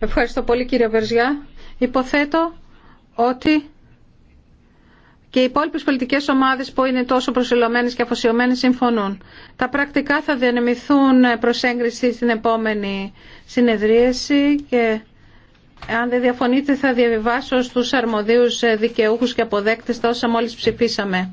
Ευχαριστώ πολύ κύριε Βερζιά. Υποθέτω ότι και οι υπόλοιπε πολιτικέ ομάδε που είναι τόσο προσιλωμένε και αφοσιωμένε συμφωνούν. Τα πρακτικά θα διανεμηθούν προ έγκριση στην επόμενη συνεδρίαση και αν δεν διαφωνείτε θα διαβιβάσω στους αρμοδίους δικαιούχους και αποδέκτες τα όσα μόλις ψηφίσαμε.